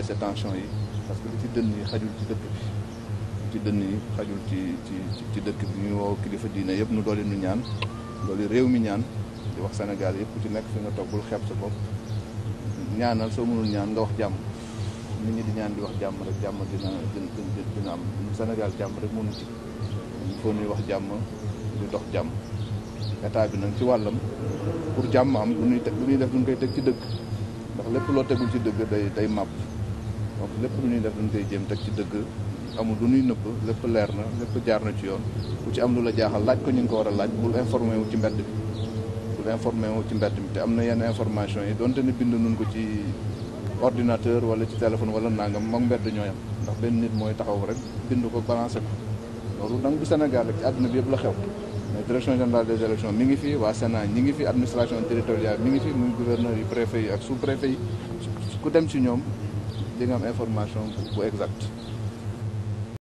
baisse tension yi parce que lu ci dënn yi xajul ci dëkk bi lu ci dënn yi xajul ci ci ci dëkk bi ñu woo kilifa diine yëpp nu doole nu ñaan doole réew mi ñaan di wax senegal yëpp ci nekk fi nga toog bul xeeb sa bopp ñaanal soo mënul ñaan nga wax jàmm nit ñi di ñaan di wax jàmm rek jàmm dina dina dina am Sénégal jàmm rek mënu ci il faut ñuy wax jàmm di dox jàmm état bi nag ci wàllam pour jàmm am lu ñuy teg lu ñuy def duñ koy teg ci dëgg ndax lépp loo tegul ci dëgg day day màpp donc lépp lu ñuy def dañ koy jéem teg ci dëgg amul lu ñuy nëbb lépp leer na lépp jaar na ci yoon ku ci am lu la jaaxal laaj ko ñu ngi ko war a laaj bul informé ci mbedd bi bul wu ci mbedd bi te am na yenn information yi donte ne bind nun ko ci ordinateur wala ci téléphone wala nangam mag mbedd ñoo yam ndax benn nit mooy taxaw rek bind ko balancé ko loolu nag du Sénégal rek ci àdduna bi yëpp la xew mais direction générale des élections mi ngi fi waa Sénat ñi ngi fi administration territoriale mi ngi fi muy gouverneur yi préfet yi ak sous préfet yi ku dem ci ñoom di nga am information bu exact